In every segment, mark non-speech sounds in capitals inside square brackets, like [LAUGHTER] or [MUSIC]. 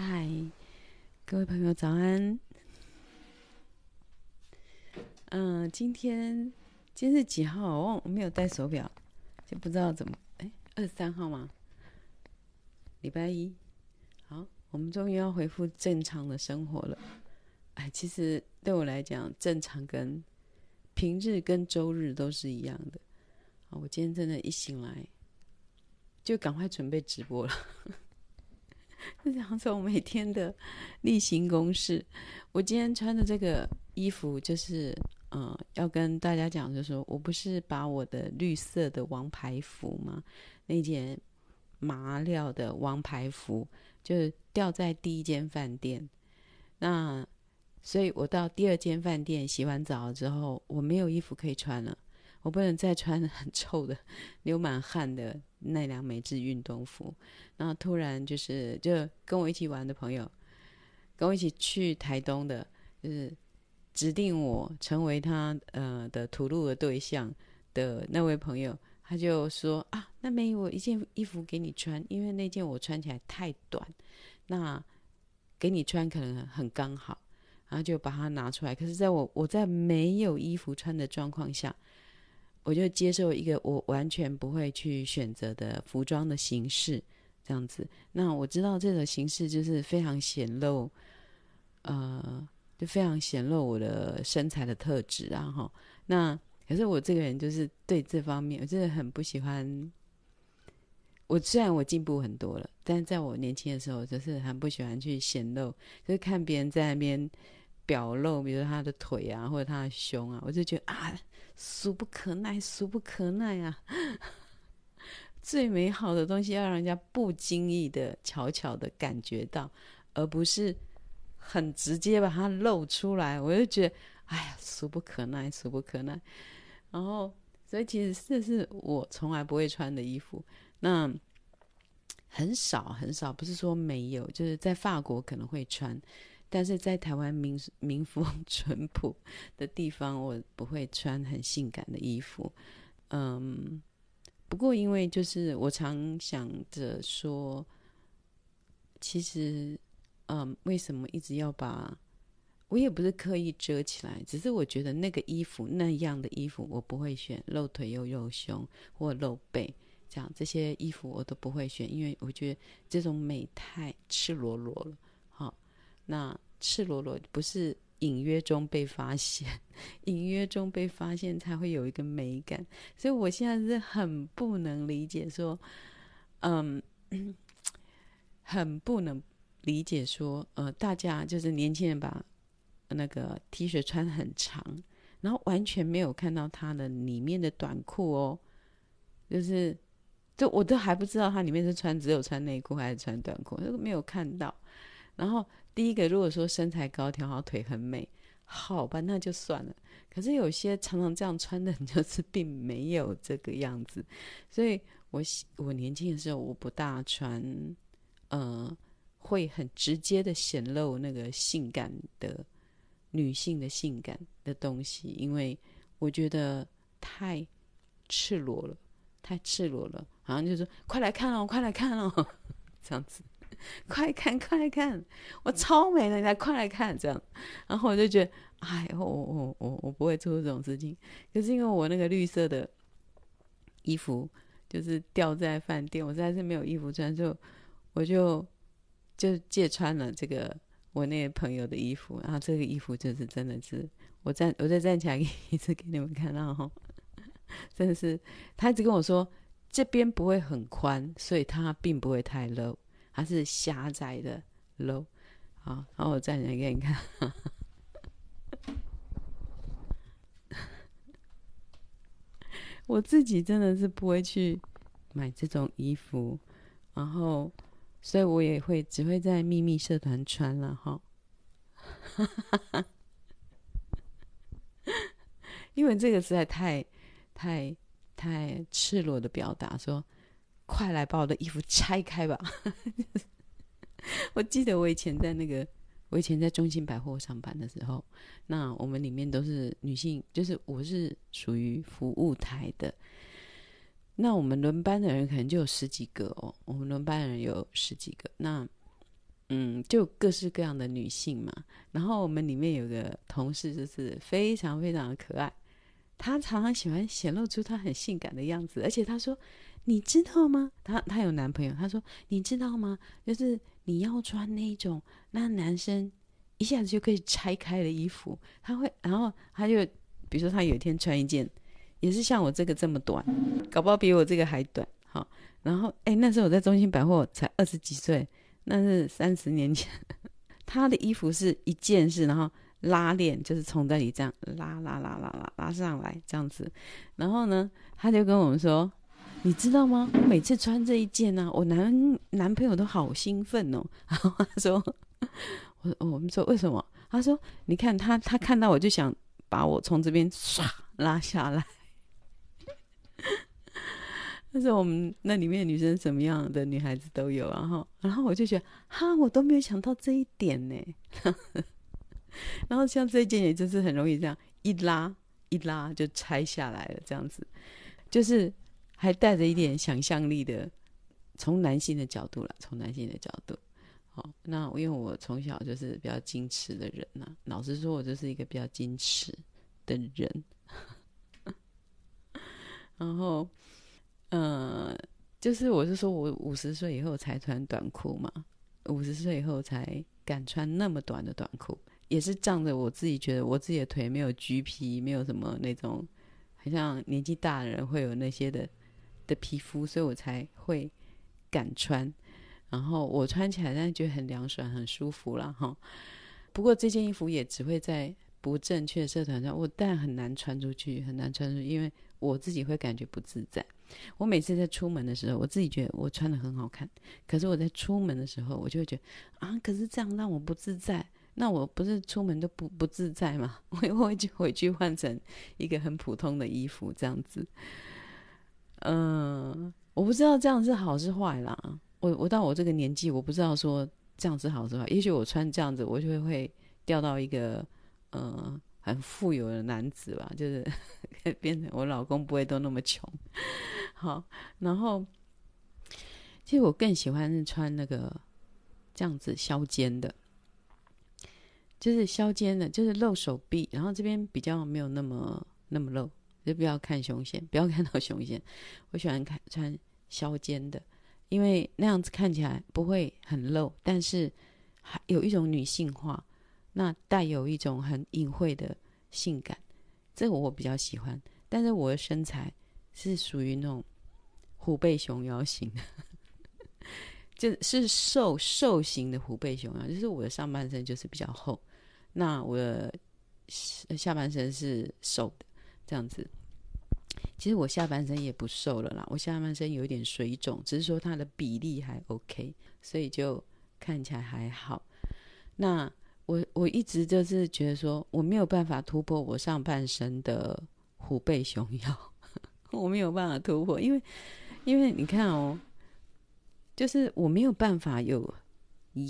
嗨，Hi, 各位朋友早安。嗯，今天今天是幾號？我沒有戴手錶，就不知道怎麼。哎，二十三號嗎？禮拜一。好，我們終於要恢復正常的生活了。哎、欸，其實對我來講，正常跟平日跟週日都是一樣的。啊，我今天真的，一醒來就趕快準備直播了。這樣做我每天的例行公事。我今天穿的這個衣服，就是嗯、呃，要跟大家講，就是說我不是把我的綠色的王牌服嗎？那件麻料的王牌服，就是掉在第一間飯店。那，所以我到第二間飯店洗完澡之後，我沒有衣服可以穿了。我不能再穿很臭的、流滿汗的。奈良美智運動服，然後突然就是就跟我一起玩的朋友，跟我一起去台東的，就是指定我成為他的呃的吐露的對象的那位朋友，他就說啊，那沒有我一件衣服給你穿，因為那件我穿起來太短，那給你穿可能很剛好，然後就把它拿出來，可是在我我在沒有衣服穿的狀況下。我就接受一個我完全不會去選擇的服裝的形式，這樣子。那我知道這個形式就是非常顯露，呃，就非常顯露我的身材的特質啊。哈，那可是我這個人就是對這方面，我真的很不喜歡。我雖然我進步很多了，但在我年輕的時候，就是很不喜歡去顯露，就是看別人在那邊。表露，比如說他的腿啊，或者他的胸啊，我就覺得啊，俗不可耐，俗不可耐啊。最美好的東西要讓人家不經意的、悄悄的感覺到，而不是很直接把它露出來。我就覺得，哎呀，俗不可耐，俗不可耐。然後，所以其實這是我從來不會穿的衣服。那很少很少，不是說沒有，就是在法國可能會穿。但是在台灣民民風淳樸的地方，我不會穿很性感的衣服。嗯，不過因為就是我常想着說，其實，嗯，為什麼一直要把，我也不是刻意遮起來，只是我覺得那個衣服、那樣的衣服，我不會選露腿又露胸或露背這樣，這些衣服我都不會選，因為我覺得這種美太赤裸裸了。那赤裸裸不是隱約中被發現，隱約中被發現才會有一個美感。所以我現在是很不能理解，說，嗯，很不能理解，說，呃，大家就是年輕人把那個 T 恤穿很長，然後完全沒有看到他的裡面的短褲哦，就是，就我都還不知道他裡面是穿只有穿內褲還是穿短褲，都沒有看到。然後第一個，如果說身材高挑，好腿很美，好吧，那就算了。可是有些常常這樣穿的就是並沒有這個樣子。所以我我年輕的時候，我不大穿，呃，會很直接的顯露那個性感的女性的性感的東西，因為我覺得太赤裸了，太赤裸了，好像就是快來看哦，快來看哦，這樣子。快看，快看！我超美的，你來快來看！這樣，然後我就覺得，哎，我我我我我不會出這種事情。可是因為我那個綠色的衣服就是掉在飯店，我實在是沒有衣服穿，就我就就借穿了這個我那個朋友的衣服。然後這個衣服就是真的是，我站我再站起來一次給你們看，然後真的是他一直跟我說這邊不會很寬，所以他並不會太 low。它是狹窄的樓，好，然後我站起來給你看。 [LAUGHS] 我自己真的是不會去買這種衣服，然後，所以我也會只會在秘密社團穿了哈。 [LAUGHS] 因為這個實在太、太、太赤裸的表達說。快來把我的衣服拆開吧！ [LAUGHS] 我記得我以前在那個，我以前在中興百貨上班的時候，那我們裡面都是女性，就是我是屬於服務台的。那我們輪班的人可能就有十幾個哦，我們輪班的人有十幾個。那嗯，就各式各樣的女性嘛。然後我們裡面有個同事就是非常非常的可愛，她常常喜歡顯露出她很性感的樣子，而且她說。你知道嗎？她她有男朋友。她說：“你知道嗎？就是你要穿那種，那男生一下子就可以拆開的衣服。他會，然後他就，比如說他有一天穿一件，也是像我這個這麼短，搞不好比我這個還短。哈，然後誒，那時候我在中心百貨才二十幾歲，那是三十年前。他的衣服是一件式，然後拉鏈就是從這裡這樣拉拉拉拉拉拉上來這樣子。然後呢，他就跟我們說。”你知道嗎？我每次穿這一件呢，我男男朋友都好興奮哦。然後他說：“我我們說為什麼？”他說：“你看他，他看到我就想把我從這邊唰拉下來。”他說我們那裡面的女生什麼樣的女孩子都有，然後然後我就覺得哈，我都沒有想到這一點呢。 [LAUGHS] 然後像這一件也就是很容易這樣一拉一拉就拆下來了，這樣子就是。還帶着一點想象力的，從男性的角度啦，從男性的角度，好，那因為我從小就是比較矜持的人吶、啊，老實說，我就是一個比較矜持的人。 [LAUGHS] 然後，嗯、呃，就是我是說我五十歲以後才穿短褲嘛，五十歲以後才敢穿那麼短的短褲，也是仗着我自己覺得我自己的腿沒有橘皮，沒有什麼那種，好像年紀大的人會有那些的。的皮膚，所以我才會敢穿。然後我穿起來，但是覺得很涼爽、很舒服了哈。不過這件衣服也只會在不正確的社團上，我但很難穿出去，很難穿出去，因為我自己會感覺不自在。我每次在出門的時候，我自己覺得我穿得很好看，可是我在出門的時候，我就會覺得啊，可是這樣讓我不自在。那我不是出門都不不自在嗎？我我會就回去換成一個很普通的衣服，這樣子。嗯，我不知道這樣是好是壞啦。我我到我這個年紀，我不知道說這樣子好是壞。也許我穿這樣子，我就會會釣到一個嗯很富有的男子吧，就是 [LAUGHS] 變成我老公不會都那麼窮。好，然後其實我更喜歡是穿那個這樣子削肩的，就是削肩的，就是露手臂，然後這邊比較沒有那麼那麼露。就不要看胸線，不要看到胸線。我喜歡看穿削肩的，因為那樣子看起來不會很露，但是還有一種女性化，那帶有一種很隱晦的性感，這個我比較喜歡。但是我的身材是屬於那種虎背熊腰型的， [LAUGHS] 就是瘦瘦型的虎背熊腰，就是我的上半身就是比較厚，那我的下半身是瘦的，這樣子。其實我下半身也不瘦了啦，我下半身有點水腫，只是說它的比例還 OK，所以就看起來還好。那我我一直就是覺得說，我沒有辦法突破我上半身的虎背熊腰， [LAUGHS] 我沒有辦法突破，因為因為你看哦，就是我沒有辦法有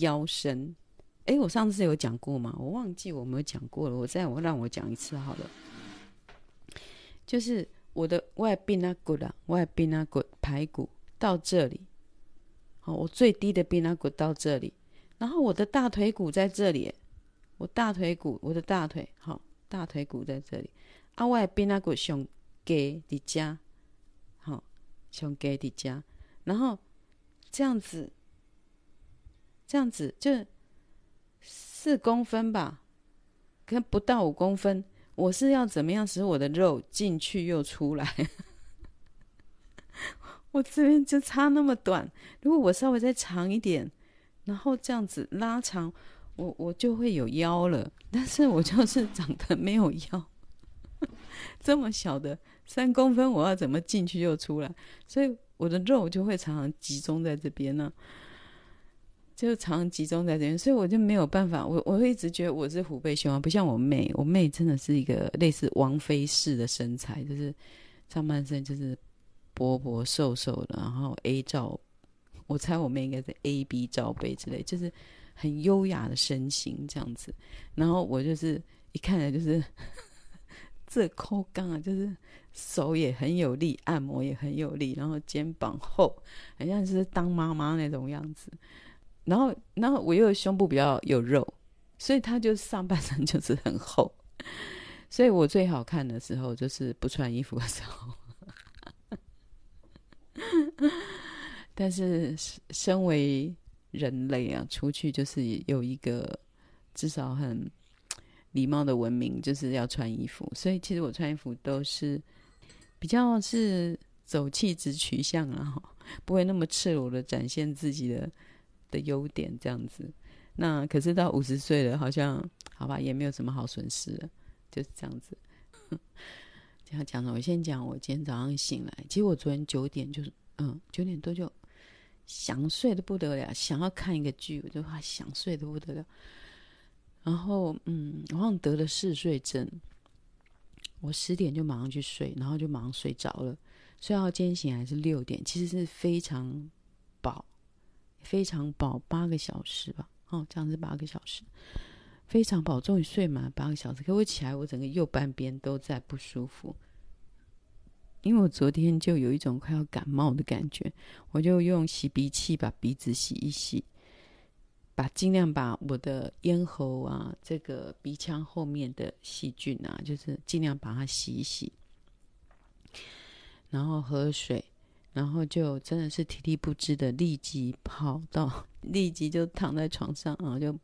腰身。誒，我上次有講過嗎？我忘記我沒有講過了，我再我讓我講一次好了，就是。我的外那骨啦，外那骨排骨到這裡，好、哦，我最低的那骨到這裡，然後我的大腿骨在這裡，我大腿骨，我的大腿，好、哦，大腿骨在這裡，啊，外那骨胸蓋的夾，好、哦，胸蓋的家，然後這樣子，這樣子就四公分吧，跟不到五公分。我是要怎麼樣使我的肉進去又出來？ [LAUGHS] 我這邊就差那麼短，如果我稍微再長一點，然後這樣子拉長，我我就會有腰了。但是我就是長得沒有腰， [LAUGHS] 這麼小的三公分，我要怎麼進去又出來？所以我的肉就會常常集中在這邊呢、啊。就常集中在這邊，所以我就沒有辦法。我我會一直覺得我是虎背熊腰，不像我妹。我妹真的是一個類似王菲式的身材，就是上半身就是薄薄瘦瘦瘦的，然後 A 罩，我猜我妹應該是 A B 罩杯之類，就是很優雅的身形這樣子。然後我就是一看來就是呵呵這摳剛啊，就是手也很有力，按摩也很有力，然後肩膀厚，好像就是當媽媽那種樣子。然後，然後我又胸部比較有肉，所以他就上半身就是很厚，所以我最好看的時候就是不穿衣服的時候。 [LAUGHS] 但是，身為人類啊，出去就是有一個至少很禮貌的文明，就是要穿衣服。所以，其實我穿衣服都是比較是走氣質取向啊，不會那麼赤裸的展現自己的的優點這樣子，那可是到五十歲了，好像好吧，也沒有什麼好損失了，就是這樣子。講講的，我先講。我今天早上醒來，其實我昨天九點就嗯九點多就想睡的不得了，想要看一個劇，我就哇想睡的不得了。然後嗯，我好像得了嗜睡症，我十點就馬上去睡，然後就馬上睡着了，睡到今天醒來是六點，其實是非常飽。非常飽，八個小時吧，哦，這樣是八個小時。非常飽，終於睡滿，八個小時。可我起來，我整個右半邊都在不舒服，因為我昨天就有一種快要感冒的感覺，我就用洗鼻器把鼻子洗一洗，把盡量把我的咽喉啊，這個鼻腔後面的細菌啊，就是盡量把它洗一洗，然後喝水。然後就真的是體力不支的，立即跑到，立即就躺在床上，然後就噗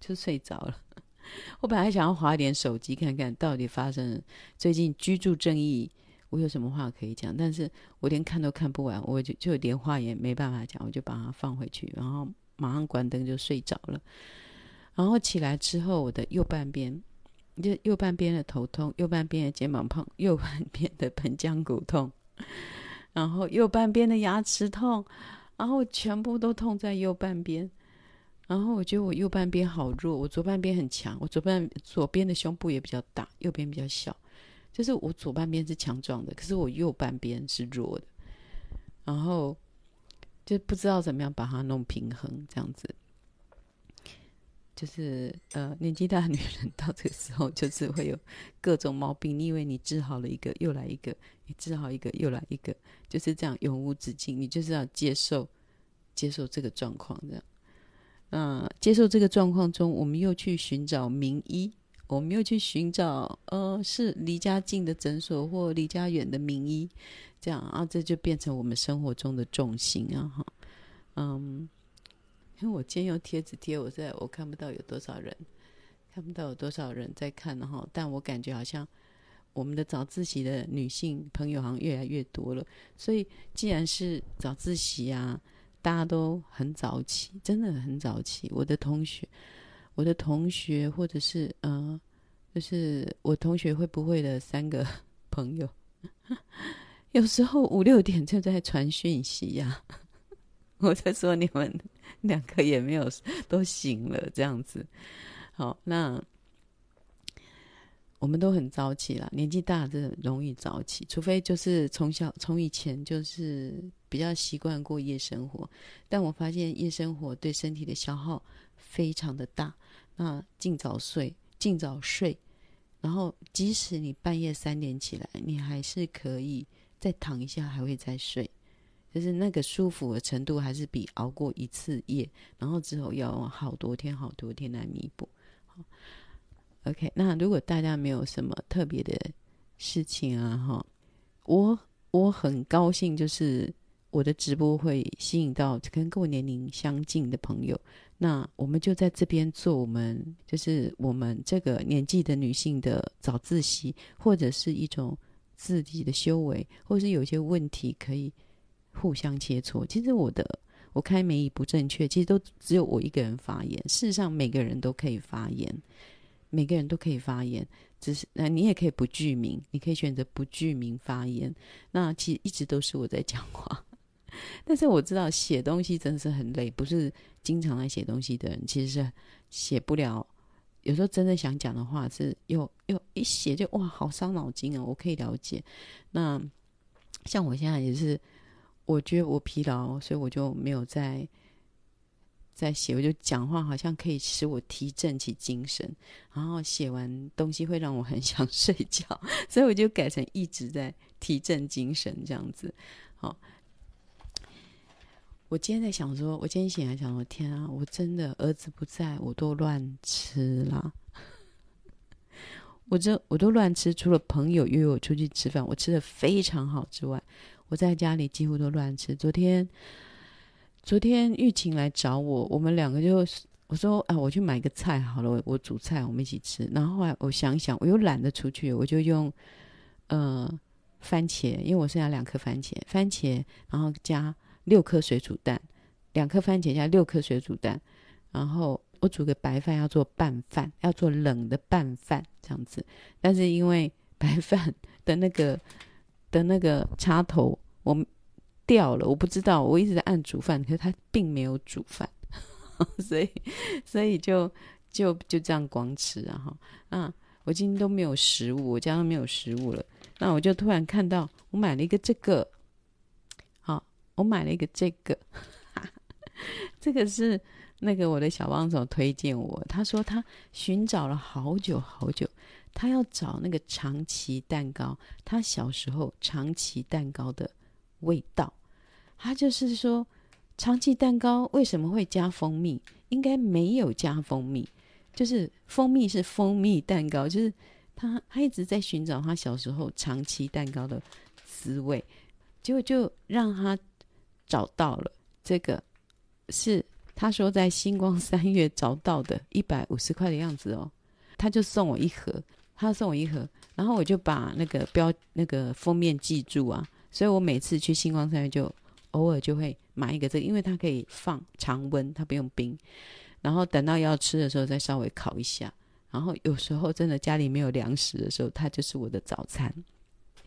就睡着了。我本來想要滑點手機看看到底發生最近居住正義，我有什麼話可以講，但是我連看都看不完，我就就連話也沒辦法講，我就把它放回去，然後馬上關燈就睡着了。然後起來之後，我的右半邊，就右半邊的頭痛，右半邊的肩膀痛，右半邊的盆腔骨痛。然後右半邊的牙齒痛，然後全部都痛在右半邊，然後我覺得我右半邊好弱，我左半邊很強，我左半，左邊的胸部也比較大，右邊比較小，就是我左半邊是強壯的，可是我右半邊是弱的，然後就不知道怎麼樣把它弄平衡，這樣子。就是呃，年紀大的女人到這個時候，就是會有各種毛病。你以為你治好了一個，又來一個；你治好一個，又來一個，就是這樣永無止境。你就是要接受，接受這個狀況，這樣。嗯、呃，接受這個狀況中，我們又去尋找名醫，我們又去尋找呃，是離家近的診所或離家遠的名醫，這樣啊，這就變成我們生活中的重心啊，哈，嗯。因為我今天用子貼紙貼，我在我看不到有多少人，看不到有多少人在看，然後，但我感覺好像我們的早自習的女性朋友好像越來越多了。所以，既然是早自習啊，大家都很早起，真的很早起。我的同學，我的同學，或者是嗯、呃，就是我同學會不會的三個朋友，有時候五六點就在傳訊息呀、啊。我在說你們。兩個也沒有都醒了，這樣子。好，那我們都很早起了。年紀大真的容易早起，除非就是從小從以前就是比較習慣過夜生活。但我發現夜生活對身體的消耗非常的大。那盡早睡，盡早睡。然後即使你半夜三點起來，你還是可以再躺一下，還會再睡。就是那個舒服的程度，還是比熬過一次夜，然後之後要好多天、好多天來彌補。好，OK。那如果大家沒有什麼特別的事情啊，哈，我我很高興，就是我的直播會吸引到跟我年齡相近的朋友。那我們就在這邊做，我們就是我們這個年紀的女性的早自習，或者是一種自己的修為，或者是有些問題可以。互相切磋。其實我的我開玫怡不正確，其實都只有我一個人發言。事實上，每個人都可以發言，每個人都可以發言。只是那，你也可以不具名，你可以選擇不具名發言。那其實一直都是我在講話。但是我知道寫東西真的是很累，不是經常來寫東西的人，其實是寫不了。有時候真的想講的話是有，是又又一寫就哇，好傷腦筋啊！我可以了解。那像我現在也是。我覺得我疲勞，所以我就沒有再再寫。我就講話好像可以使我提振起精神，然後寫完東西會讓我很想睡覺，所以我就改成一直在提振精神這樣子。好，我今天在想說，我今天醒來想說，天啊，我真的兒子不在我都亂吃啦！我這我都亂吃，除了朋友約我出去吃飯，我吃得非常好之外。我在家裡幾乎都亂吃。昨天，昨天玉晴來找我，我們兩個就我說啊，我去買個菜好了，我我煮菜，我們一起吃。然後後來我想想，我又懶得出去，我就用呃番茄，因為我剩下兩顆番茄，番茄然後加六顆水煮蛋，兩顆番茄加六顆水煮蛋，然後我煮個白飯，要做拌飯，要做冷的拌飯這樣子。但是因為白飯的那個。的那個插頭我掉了，我不知道，我一直在按煮飯，可是他並沒有煮飯， [LAUGHS] 所以，所以就就就這樣光吃，啊，然後，嗯，我今天都沒有食物，我家都沒有食物了，那我就突然看到，我買了一個這個，好，我買了一個這個， [LAUGHS] 這個是那個我的小幫手推薦我，他說他尋找了好久好久。他要找那個長崎蛋糕，他小時候長崎蛋糕的味道。他就是說，長崎蛋糕為什麼會加蜂蜜？應該沒有加蜂蜜，就是蜂蜜是蜂蜜蛋糕。就是他他一直在尋找他小時候長崎蛋糕的滋味，結果就讓他找到了。這個是他說在新光三越找到的，一百五十塊的樣子哦。他就送我一盒，他送我一盒，然後我就把那個標那個封面記住啊，所以我每次去新光三越就偶爾就會買一個這個，因為它可以放常溫，它不用冰，然後等到要吃的時候再稍微烤一下，然後有時候真的家裡沒有糧食的時候，它就是我的早餐。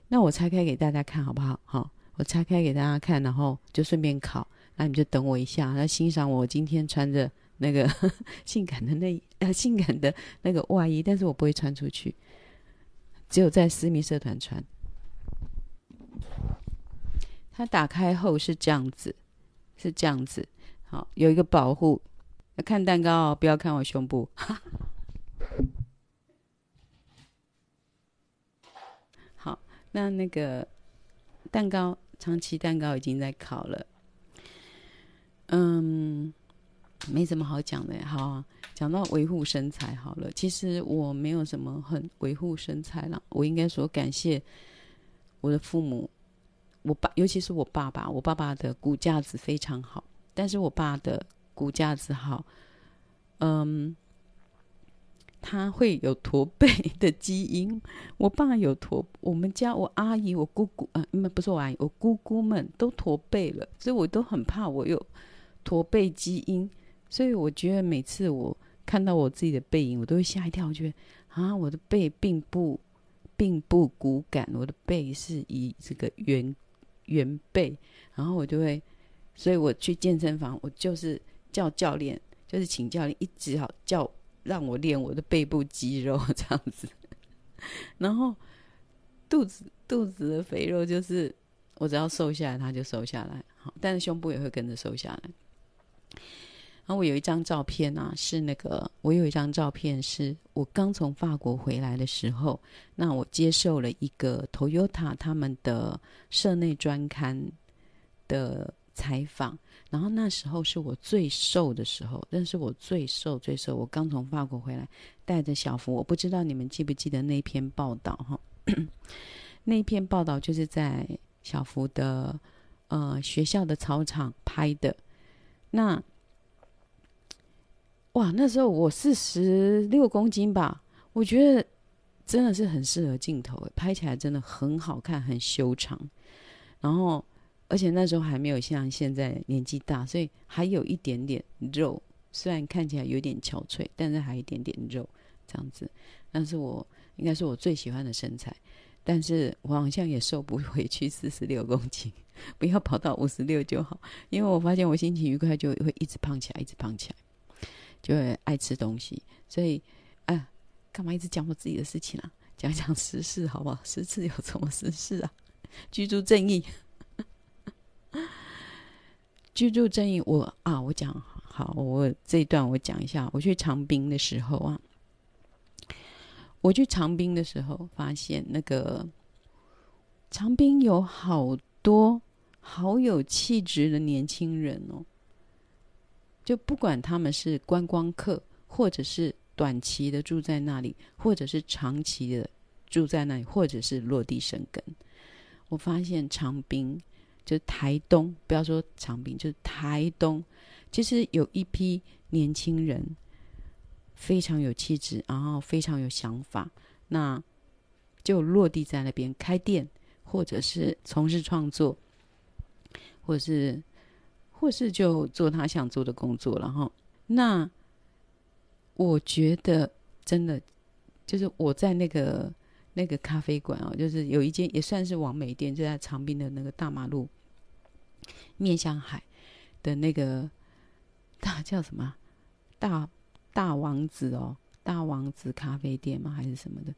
那我拆開給大家看，好不好？好、哦，我拆開給大家看，然後就順便烤，那你就等我一下，來欣賞我，我今天穿着。那個呵呵性感的內呃，性感的那個外衣，但是我不會穿出去，只有在私密社團穿。它打開後是這樣子，是這樣子。好，有一個保護，看蛋糕哦，不要看我胸部。哈哈好，那那個蛋糕，長期蛋糕已經在烤了。嗯。沒什麼好講的，好啊，講到維護身材好了，其實我沒有什麼很維護身材啦，我應該說感謝我的父母，我爸尤其是我爸爸，我爸爸的骨架子非常好，但是我爸的骨架子好，嗯，他會有駝背的基因，我爸有駝，我們家我阿姨我姑姑啊，那不是我阿姨，我姑姑們都駝背了，所以我都很怕我有駝背基因。所以我覺得每次我看到我自己的背影，我都會嚇一跳，我覺得啊，我的背並不，並不骨感，我的背是以這個圓圓背。然後我就會，所以我去健身房，我就是叫教練，就是請教練一直好叫讓我練我的背部肌肉這樣子。然後肚子肚子的肥肉就是我只要瘦下來，它就瘦下來，好，但是胸部也會跟着瘦下來。然後、啊、我有一張照片呢、啊，是那個我有一張照片，是我剛從法國回來的時候。那我接受了一個 Toyota 他們的社內專刊的採訪。然後那時候是我最瘦的時候，那是我最瘦最瘦，我剛從法國回來，帶着小福。我不知道你們記不記得那篇報道哈？那篇報道就是在小福的呃學校的操場拍的。那。哇，那時候我四十六公斤吧，我覺得真的是很適合鏡頭耶，拍起來真的很好看，很修長。然後，而且那時候還沒有像現在年紀大，所以還有一點點肉，雖然看起來有點憔悴，但是還有一點點肉這樣子。但是我應該是我最喜歡的身材，但是我好像也瘦不回去四十六公斤，不要跑到五十六就好，因為我發現我心情愉快就會一直胖起來，一直胖起來。就會愛吃東西，所以，哎、啊，幹嘛一直講我自己的事情啊？講講時事好不好？時事有什麼時事啊？居住正義， [LAUGHS] 居住正義，我啊，我講好，我這一段我講一下。我去長濱的時候啊，我去長濱的時候，發現那個長濱有好多好有氣質的年輕人哦。就不管他們是觀光客，或者是短期的住在那裡，或者是長期的住在那裡，或者是落地生根。我發現長濱，就是台東，不要說長濱，就是台東，其實有一批年輕人非常有氣質，然後非常有想法，那就落地在那邊開店，或者是從事創作，或者是。或是就做他想做的工作了，然後那我覺得真的就是我在那個那個咖啡館哦，就是有一間也算是網美店，就在長濱的那個大馬路面向海的那個大叫什麼大大王子哦，大王子咖啡店嗎？還是什麼的？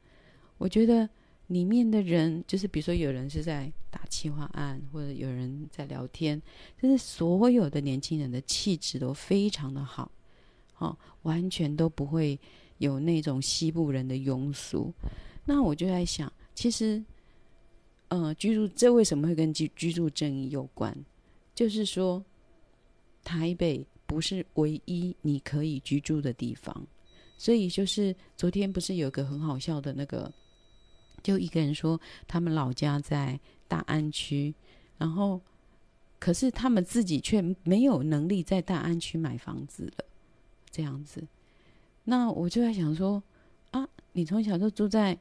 我覺得。裡面的人就是，比如說有人是在打企劃案，或者有人在聊天，就是所有的年輕人的氣質都非常的好，好、哦，完全都不會有那種西部人的庸俗。那我就在想，其實，呃，居住這為什麼會跟居居住正義有關？就是說，台北不是唯一你可以居住的地方，所以就是昨天不是有一個很好笑的那個。就一個人說，他們老家在大安區，然後可是他們自己卻沒有能力在大安區買房子了，這樣子。那我就在想說，啊，你從小就住在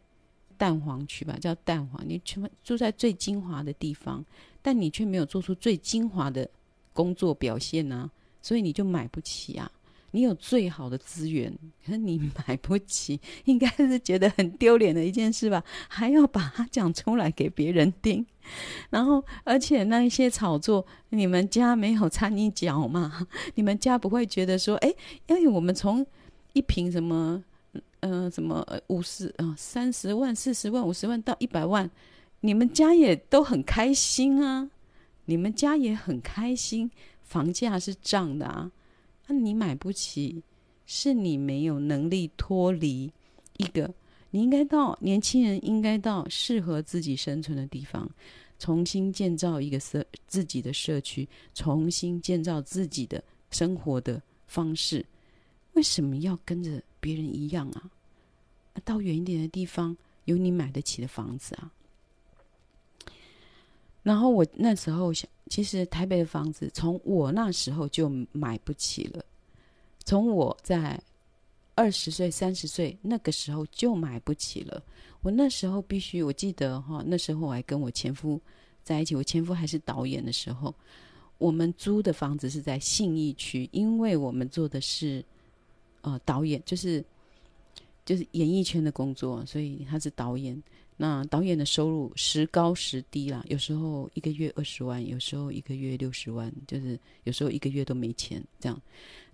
蛋黃區吧，叫蛋黃，你卻住在最精華的地方，但你卻沒有做出最精華的工作表現呢，啊，所以你就買不起啊。你有最好的資源，可是你買不起，應該是覺得很丟臉的一件事吧？還要把它講出來給別人聽，然後而且那一些炒作，你們家沒有摻一腳嘛？你們家不會覺得說，哎、欸，因為我們從一瓶什麼，呃，什麼五十啊、呃，三十萬、四十萬、五十萬到一百萬，你們家也都很開心啊，你們家也很開心，房價是漲的啊。那你買不起，是你沒有能力脫離一個。你應該到，年輕人應該到適合自己生存的地方，重新建造一個社，自己的社區，重新建造自己的生活的方式。為什麼要跟着別人一樣啊？到遠一點的地方，有你買得起的房子啊。然後我那時候想。其實台北的房子，從我那時候就買不起了。從我在二十歲、三十歲那個時候就買不起了。我那時候必須，我記得哈、哦，那時候我還跟我前夫在一起，我前夫還是導演的時候，我們租的房子是在信義區，因為我們做的是呃導演，就是就是演藝圈的工作，所以他是導演。那導演的收入時高時低啦，有時候一個月二十萬，有時候一個月六十萬，就是有時候一個月都沒錢這樣。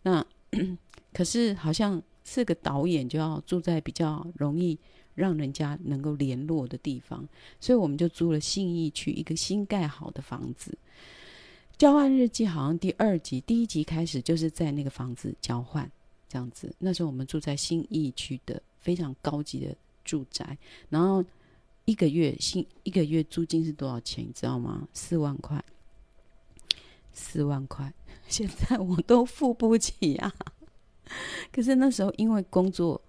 那 [COUGHS] 可是好像是個導演就要住在比較容易讓人家能夠聯絡的地方，所以我們就租了信義區一個新蓋好的房子。交換日記好像第二集、第一集開始就是在那個房子交換這樣子。那時候我們住在信義區的非常高級的住宅，然後。一個月薪，一個月租金是多少錢，你知道嗎？四萬塊，四萬塊，現在我都付不起啊。可是那時候因為工作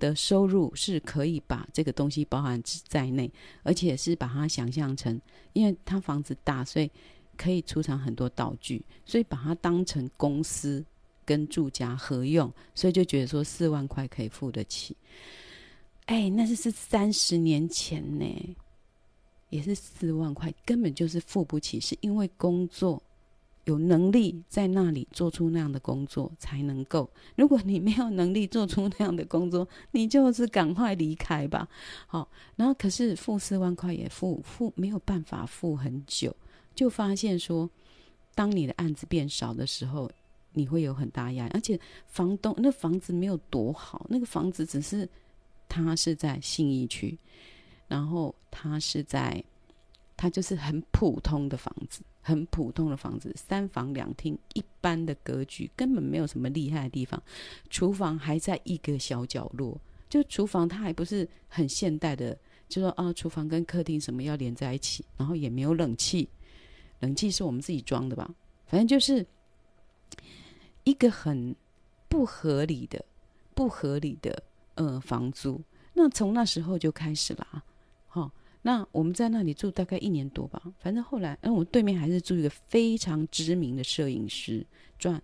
的收入是可以把這個東西包含在內，而且是把它想象成，因為它房子大，所以可以出場很多道具，所以把它當成公司跟住家合用，所以就覺得說四萬塊可以付得起。哎、欸，那只是三十年前呢，也是四萬塊，根本就是付不起。是因為工作有能力在那裡做出那樣的工作才能夠。如果你沒有能力做出那樣的工作，你就是趕快離開吧。好，然後可是付四萬塊也付付沒有辦法付很久，就發現說，當你的案子變少的時候，你會有很大壓力。而且房東那房子沒有多好，那個房子只是。他是在信義區，然後他是在，他就是很普通的房子，很普通的房子，三房兩廳一般的格局，根本沒有什麼厲害的地方。廚房還在一個小角落，就廚房它還不是很現代的，就說啊，廚房跟客廳什麼要連在一起，然後也沒有冷氣，冷氣是我們自己裝的吧？反正就是一個很不合理的、不合理的。呃，房租，那從那時候就開始了好，啊哦，那我們在那裡住大概一年多吧，反正後來，嗯、呃，我對面還是住一個非常知名的攝影師，裝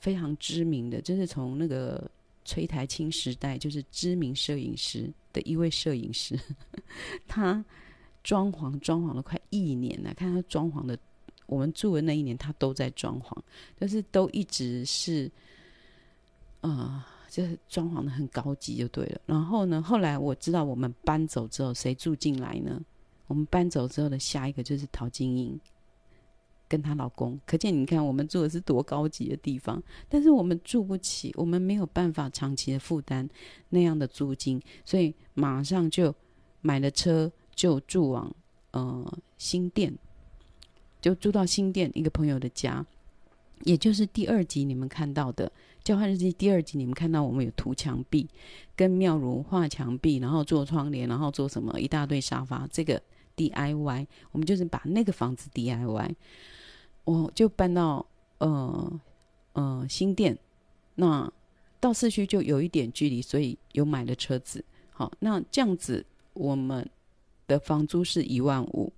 非常知名的，就是從那個崔苔菁時代就是知名攝影師的一位攝影師，呵呵，他裝潢裝潢了快一年了，看他裝潢的，我們住的那一年他都在裝潢，但，就是都一直是，啊、呃。就是裝潢的很高級就對了，然後呢，後來我知道我們搬走之後誰住進來呢？我們搬走之後的下一個就是陶晶瑩跟她老公。可見你看我們住的是多高級的地方，但是我們住不起，我們沒有辦法長期的負擔那樣的租金，所以馬上就買了車就住往呃新店，就住到新店一個朋友的家。也就是第二集，你們看到的《交換日記》第二集，你們看到我們有塗牆壁、跟妙如畫牆壁，然後做窗簾，然後做什麼一大堆沙發，這個 DIY，我們就是把那個房子 DIY。我就搬到呃呃新店，那到市區就有一點距離，所以有買了車子。好，那這樣子我們的房租是一萬五，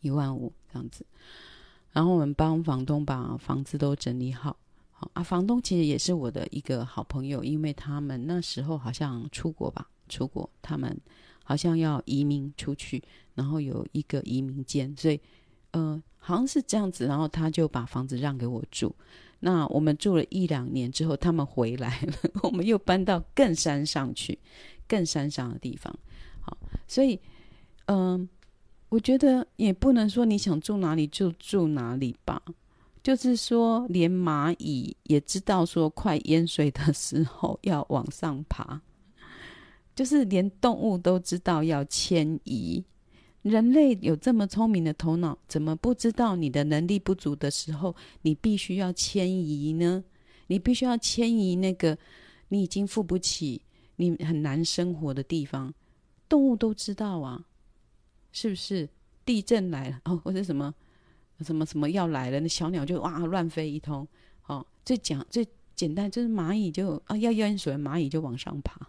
一萬五這樣子。然後我們幫房東把房子都整理好，好啊，房東其實也是我的一個好朋友，因為他們那時候好像出國吧，出國，他們好像要移民出去，然後有一個移民監，所以，呃，好像是這樣子。然後他就把房子讓給我住。那我們住了一兩年之後，他們回來了，我們又搬到更山上去，更山上的地方，好，所以，嗯。我覺得也不能說你想住哪裡就住哪裡吧，就是說連螞蟻也知道說快淹水的時候要往上爬，就是連動物都知道要遷移。人類有這麼聰明的頭腦，怎麼不知道你的能力不足的時候，你必須要遷移呢？你必須要遷移那個你已經付不起、你很難生活的地方。動物都知道啊。是不是地震來了哦，或者什麼，什麼什麼要來了，那小鳥就哇亂飛一通。哦，最講最簡單就是螞蟻就啊、哦，要要淹水，螞蟻就往上爬。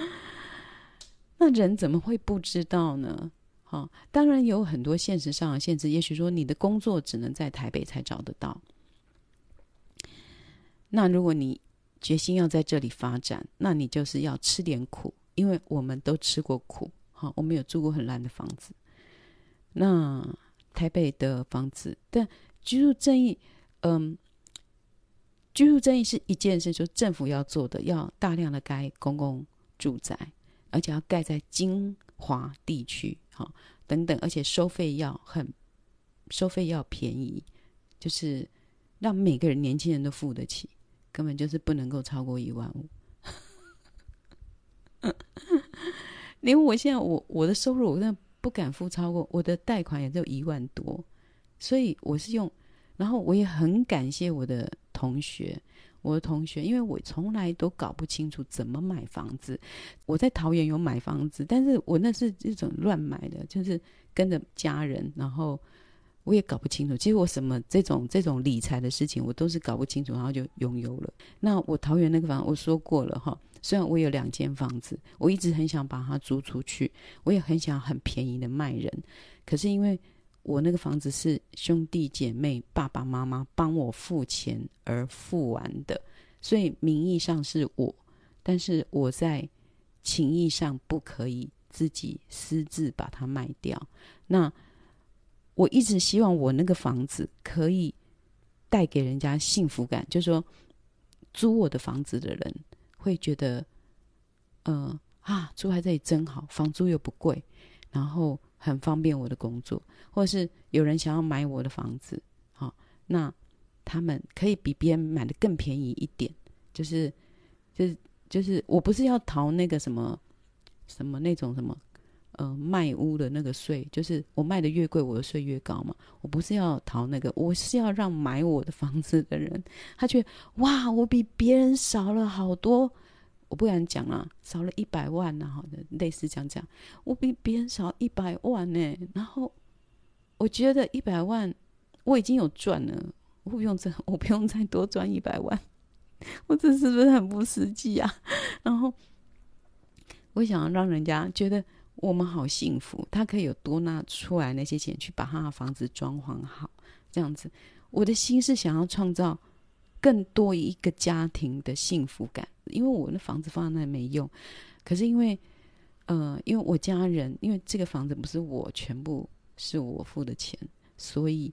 [LAUGHS] 那人怎麼會不知道呢？哦，當然有很多現實上的限制，也許說你的工作只能在台北才找得到。那如果你決心要在這裡發展，那你就是要吃點苦，因為我們都吃過苦。好，我沒有住過很爛的房子。那台北的房子，但居住正義，嗯，居住正義是一件事，說、就是、政府要做的，要大量的蓋公共住宅，而且要蓋在精華地區，好，等等，而且收費要很，收費要便宜，就是讓每個人年輕人都付得起，根本就是不能夠超過一萬五。 [LAUGHS] 嗯因為我現在我我的收入，我真的不敢付超過我的貸款，也只有一萬多，所以我是用，然後我也很感謝我的同學，我的同學，因為我從來都搞不清楚怎麼買房子，我在桃園有買房子，但是我那是一種亂買的，就是跟着家人，然後。我也搞不清楚，其實我什麼這種這種理財的事情，我都是搞不清楚，然後就擁有了。那我桃園那個房，我說過了哈，雖然我有兩間房子，我一直很想把它租出去，我也很想很便宜的賣人，可是因為我那個房子是兄弟姐妹、爸爸媽媽幫我付錢而付完的，所以名義上是我，但是我在情義上不可以自己私自把它賣掉。那。我一直希望我那個房子可以帶給人家幸福感，就是說，租我的房子的人會覺得，嗯、呃、啊，租在這裡真好，房租又不貴，然後很方便我的工作，或是有人想要買我的房子，好、哦，那他們可以比別人買得更便宜一點，就是，就是，就是，我不是要淘那個什麼，什麼那種什麼。呃，賣屋的那個稅，就是我賣的越貴，我的稅越高嘛。我不是要逃那個，我是要讓買我的房子的人，他覺得哇，我比別人少了好多。我不敢講啦、啊，少了一百萬、啊，然後類似講講，我比別人少一百萬呢、欸。然後我覺得一百萬我已經有賺了，我不用這，我不用再多賺一百萬。我這是不是很不實際啊？然後我想要讓人家覺得。我們好幸福，他可以有多拿出來那些錢去把他的房子裝潢好，這樣子。我的心是想要創造更多一個家庭的幸福感，因為我的房子放在那裡沒用。可是因為，呃，因為我家人，因為這個房子不是我全部是我付的錢，所以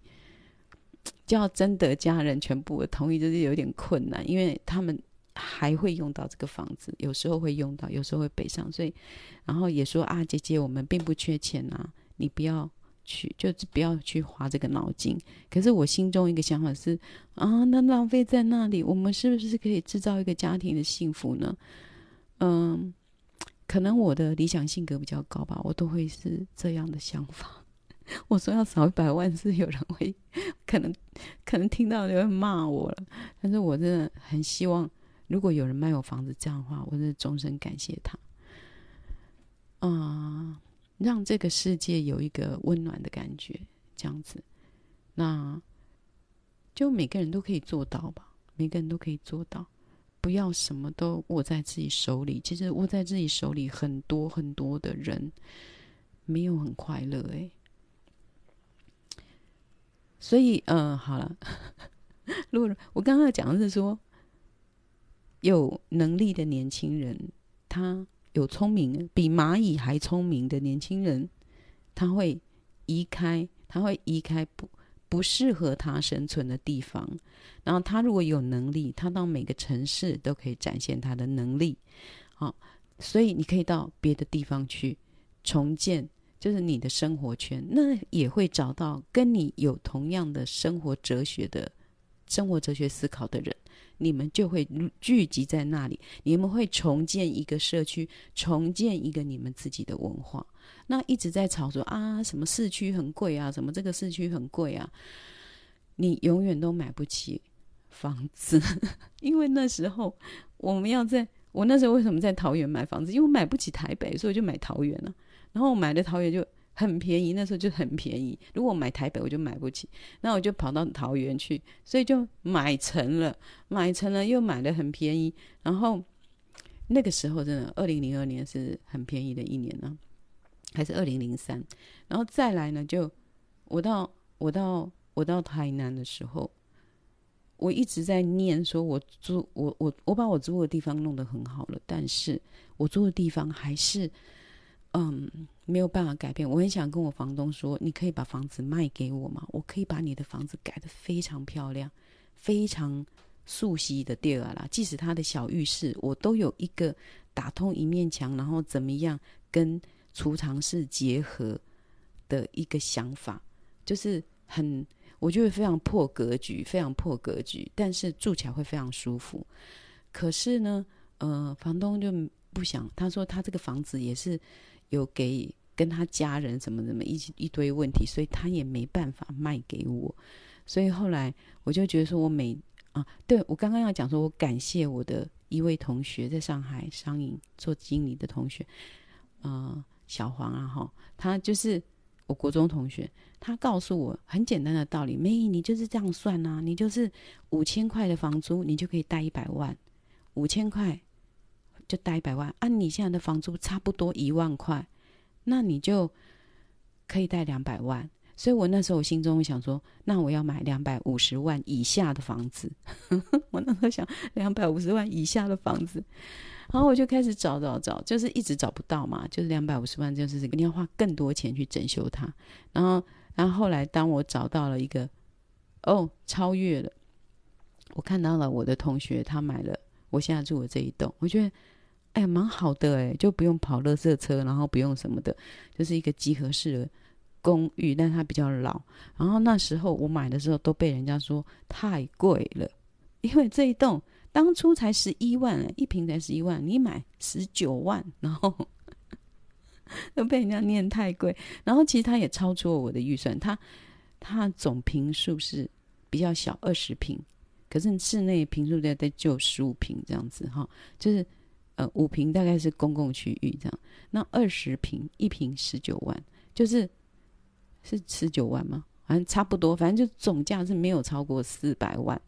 就要徵得家人全部的同意，就是有點困難，因為他們。還會用到這個房子，有時候會用到，有時候會北上，所以，然後也說啊，姐姐，我們並不缺錢吶、啊，你不要去，就是不要去花這個腦筋。可是我心中一個想法是啊，那浪費在那裡，我們是不是可以制造一個家庭的幸福呢？嗯，可能我的理想性格比較高吧，我都會是這樣的想法。我說要少一百萬，是有人會可能可能聽到有人會罵我了，但是我真的很希望，如果有人賣我房子，這樣的話，我是終身感謝他。啊、嗯，讓這個世界有一個溫暖的感覺，這樣子，那就每個人都可以做到吧。每個人都可以做到，不要什麼都握在自己手裡。其實握在自己手裡，很多很多的人沒有很快樂。誒。所以，嗯，好了，呵呵，如果我剛剛要講的是說。有能力的年輕人，他有聰明，比螞蟻還聰明的年輕人，他會移開，他會移開不不適合他生存的地方。然後他如果有能力，他到每個城市都可以展現他的能力。好，所以你可以到別的地方去重建，就是你的生活圈，那也會找到跟你有同樣的生活哲學的。生活哲學思考的人，你們就會聚集在那裡，你們會重建一個社區，重建一個你們自己的文化。那一直在吵說啊，什麼市區很貴啊，什麼這個市區很貴啊，你永遠都買不起房子， [LAUGHS] 因為那時候我們要在，我那時候為什麼在桃園買房子？因為我買不起台北，所以我就買桃園了，啊。然後我買的桃園就。很便宜，那時候就很便宜。如果買台北，我就買不起，那我就跑到桃園去，所以就買成了，買成了又買得很便宜。然後那個時候真的，二零零二年是很便宜的一年呢、啊，還是二零零三？然後再來呢就，就我到我到我到台南的時候，我一直在念說我，我租我我我把我租的地方弄得很好了，但是我租的地方還是。嗯，沒有辦法改變。我很想跟我房東說：“你可以把房子賣給我嗎？我可以把你的房子改得非常漂亮，非常熟悉的地兒啦。即使他的小浴室，我都有一個打通一面牆，然後怎麼樣跟儲藏室結合的一個想法，就是很我覺得非常破格局，非常破格局，但是住起來會非常舒服。可是呢，呃，房東就不想，他說他這個房子也是。”有給跟他家人什麼什麼一一堆問題，所以他也沒辦法賣給我，所以後來我就覺得說我每，啊，對，我剛剛要講說我感謝我的一位同學，在上海商銀做經理的同學啊、呃，小黃啊哈，他就是我國中同學，他告訴我很簡單的道理，玫，你就是這樣算吶、啊，你就是五千塊的房租，你就可以貸一百萬，五千塊。就貸一百萬，按、啊、你現在的房租差不多一萬塊，那你就可以貸兩百萬。所以，我那時候我心中我想說，那我要買兩百五十萬以下的房子。 [LAUGHS] 我那時候想，兩百五十萬以下的房子。然後我就開始找找找，就是一直找不到嘛，就是兩百五十萬，就是你要花更多錢去整修它。然後，然後後來，當我找到了一個，哦，超越了，我看到了我的同學他買了我現在住的這一棟，我覺得。哎，蠻好的哎，就不用跑垃圾車，然後不用什麼的，就是一個集合式的公寓，但它比較老。然後那時候我買的時候都被人家說太貴了，因為這一棟當初才十一萬，一平才十一萬，你買十九萬，然後呵呵都被人家念太貴。然後其實它也超出了我的預算，它它總平數是比較小，二十平，可是室內平數在在就十五平這樣子哈，就是。呃，五坪大概是公共區域這樣，那二十坪，一坪十九萬，就是是十九萬嗎？反正差不多，反正就總價是沒有超過四百萬。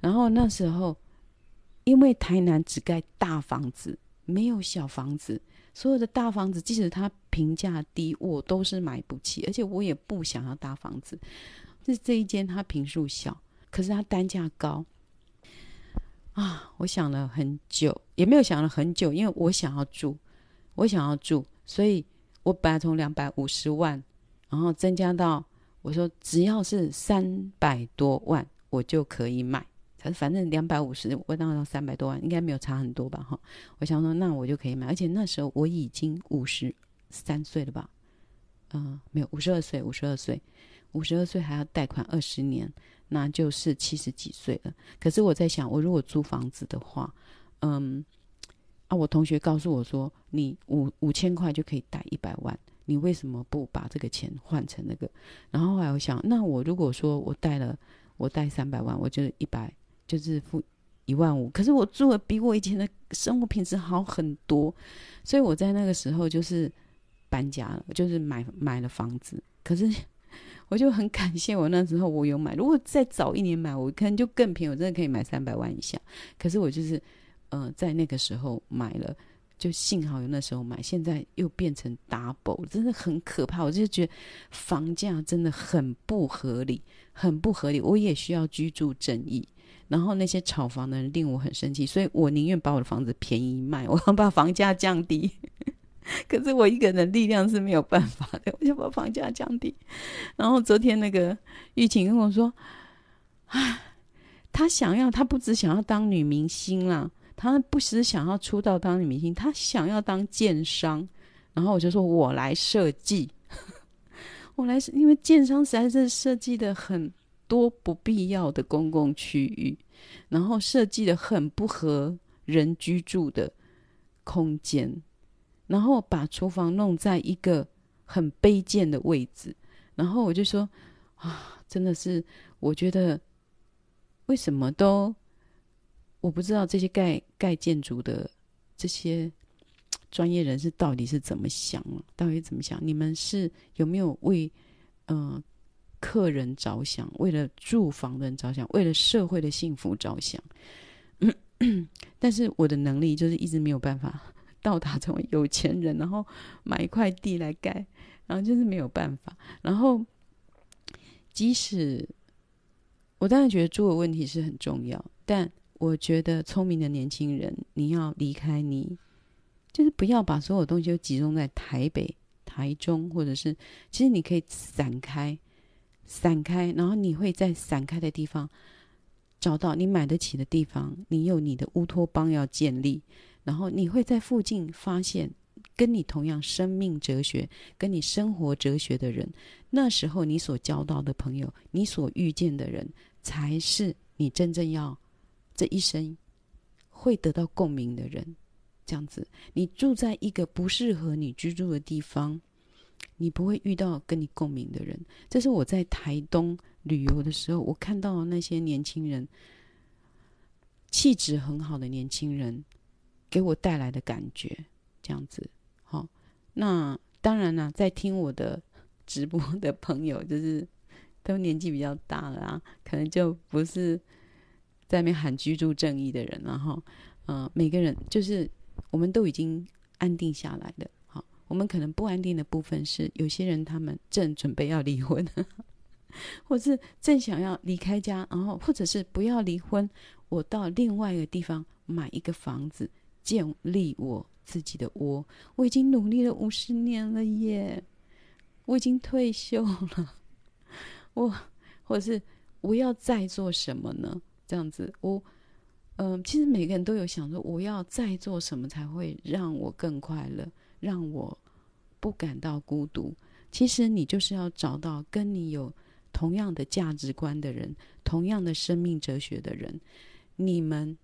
然後那時候，因為台南只蓋大房子，沒有小房子，所有的大房子即使它坪價低，我都是買不起，而且我也不想要大房子。就這一間它坪數小，可是它單價高。啊，我想了很久，也沒有想了很久，因為我想要住，我想要住，所以我把它從兩百五十萬，然後增加到我說只要是三百多萬我就可以買，反反正兩百五十我到到三百多萬應該沒有差很多吧哈，我想說那我就可以買，而且那時候我已經五十三歲了吧，嗯、呃，沒有五十二歲，五十二歲，五十二歲還要貸款二十年。那就是七十幾歲了。可是我在想，我如果租房子的話，嗯，啊，我同學告訴我說，你五五千塊就可以貸一百萬，你為什麼不把這個錢換成那個？然後後來我想，那我如果說我貸了，我貸三百萬，我就是一百就是付一萬五。可是我住的比我以前的生活品質好很多，所以我在那個時候就是搬家了，就是買買了房子。可是。我就很感謝我那時候我有買，如果再早一年買，我可能就更便宜，我真的可以買三百萬以下。可是我就是，呃，在那個時候買了，就幸好有那時候買，現在又變成 double，真的很可怕。我就覺得房價真的很不合理，很不合理。我也需要居住正義，然後那些炒房的人令我很生氣，所以我寧願把我的房子便宜賣，我要把房價降低。可是我一個人的力量是沒有辦法的。我想把房價降低。然後昨天那個玉琴跟我說：“啊，她想要，她不只想要當女明星啦，她不只想要出道當女明星，她想要當建商。”然後我就說：“我來設計， [LAUGHS] 我來，因為建商實在是設計了很多不必要的公共區域，然後設計了很不合人居住的空間。”然後把廚房弄在一個很卑賤的位置，然後我就說啊，真的是，我覺得為什麼都我不知道這些蓋蓋建築的這些專業人士到底是怎麼想的，到底怎麼想？你們是有沒有為嗯、呃、客人着想，為了住房的人着想，為了社會的幸福着想？嗯、但是我的能力就是一直沒有辦法。到達成為有錢人，然後買一塊地來蓋，然後就是沒有辦法。然後，即使我當然覺得住的問題是很重要，但我覺得聰明的年輕人，你要離開你，就是不要把所有東西都集中在台北、台中，或者是其實你可以散開、散開，然後你會在散開的地方找到你買得起的地方，你有你的烏托邦要建立。然後你會在附近發現跟你同樣生命哲學、跟你生活哲學的人。那時候你所交到的朋友，你所遇見的人，才是你真正要這一生會得到共鳴的人。這樣子，你住在一個不適合你居住的地方，你不會遇到跟你共鳴的人。這是我在台東旅遊的時候，我看到那些年輕人氣質很好的年輕人。給我帶來的感覺這樣子，好、哦。那當然啦，啊，在聽我的直播的朋友，就是都年紀比較大了啊，可能就不是在那邊喊居住正義的人了哈。嗯，哦呃，每個人就是我們都已經安定下來了，哈，哦，我們可能不安定的部分是，有些人他們正準備要離婚，呵呵或是正想要離開家，然後或者是不要離婚，我到另外一個地方買一個房子。建立我自己的窩，我已經努力了五十年了耶，我已經退休了，我或者是我要再做什麼呢？這樣子，我嗯、呃，其實每個人都有想說我要再做什麼才會讓我更快樂，讓我不感到孤獨。其實你就是要找到跟你有同樣的價值觀的人，同樣的生命哲學的人，你們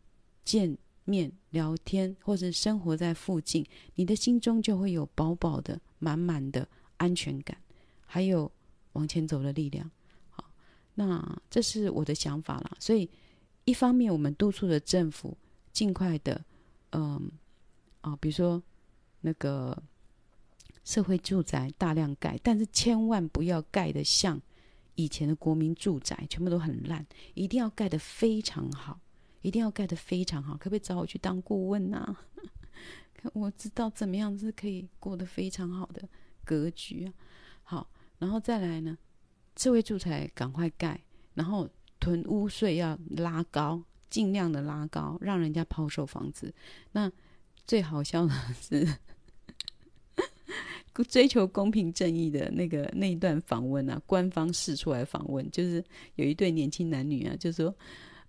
建面聊天或者生活在附近，你的心中就會有飽飽的、滿滿的安全感，還有往前走的力量。好，那這是我的想法啦。所以，一方面我們督促著政府儘快的，嗯，啊、哦，比如說那個社會住宅大量蓋，但是千萬不要蓋得像以前的國民住宅，全部都很爛，一定要蓋得非常好。一定要蓋得非常好，可不可以找我去當顧問吶、啊？ [LAUGHS] 我知道怎麼樣子可以過得非常好的格局啊。好，然後再來呢，這位住宅趕快蓋，然後囤屋稅要拉高，盡量的拉高，讓人家拋售房子。那最好笑的是， [LAUGHS] 追求公平正義的那個那一段訪問啊，官方釋出來訪問，就是有一對年輕男女啊，就是、說。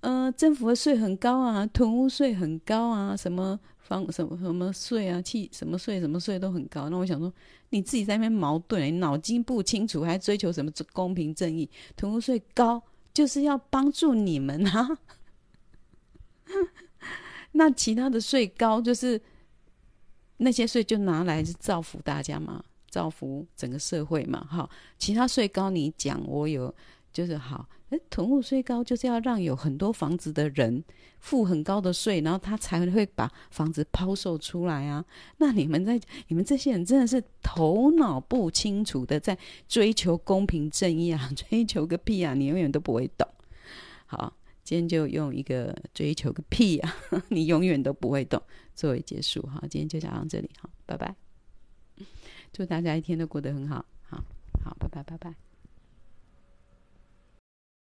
呃，政府的稅很高啊，囤屋稅很高啊，什麼房什麼什麼，什麼稅啊，氣什麼稅什麼稅都很高。那我想說，你自己在那邊矛盾，你腦筋不清楚，還追求什麼公平正義？囤屋稅高就是要幫助你們啊， [LAUGHS] 那其他的稅高就是那些稅就拿來是造福大家嘛，造福整個社會嘛。好，其他稅高你講，我有就是好。囤物稅高就是要讓有很多房子的人付很高的稅，然後他才會把房子拋售出來啊。那你們在，你們這些人真的是頭腦不清楚的，在追求公平正義啊，追求個屁啊！你永遠都不會懂。好，今天就用一個追求個屁啊，你永遠都不會懂作為結束。好，今天就講到這裡。好，拜拜，祝大家一天都過得很好。好好，拜拜，拜拜。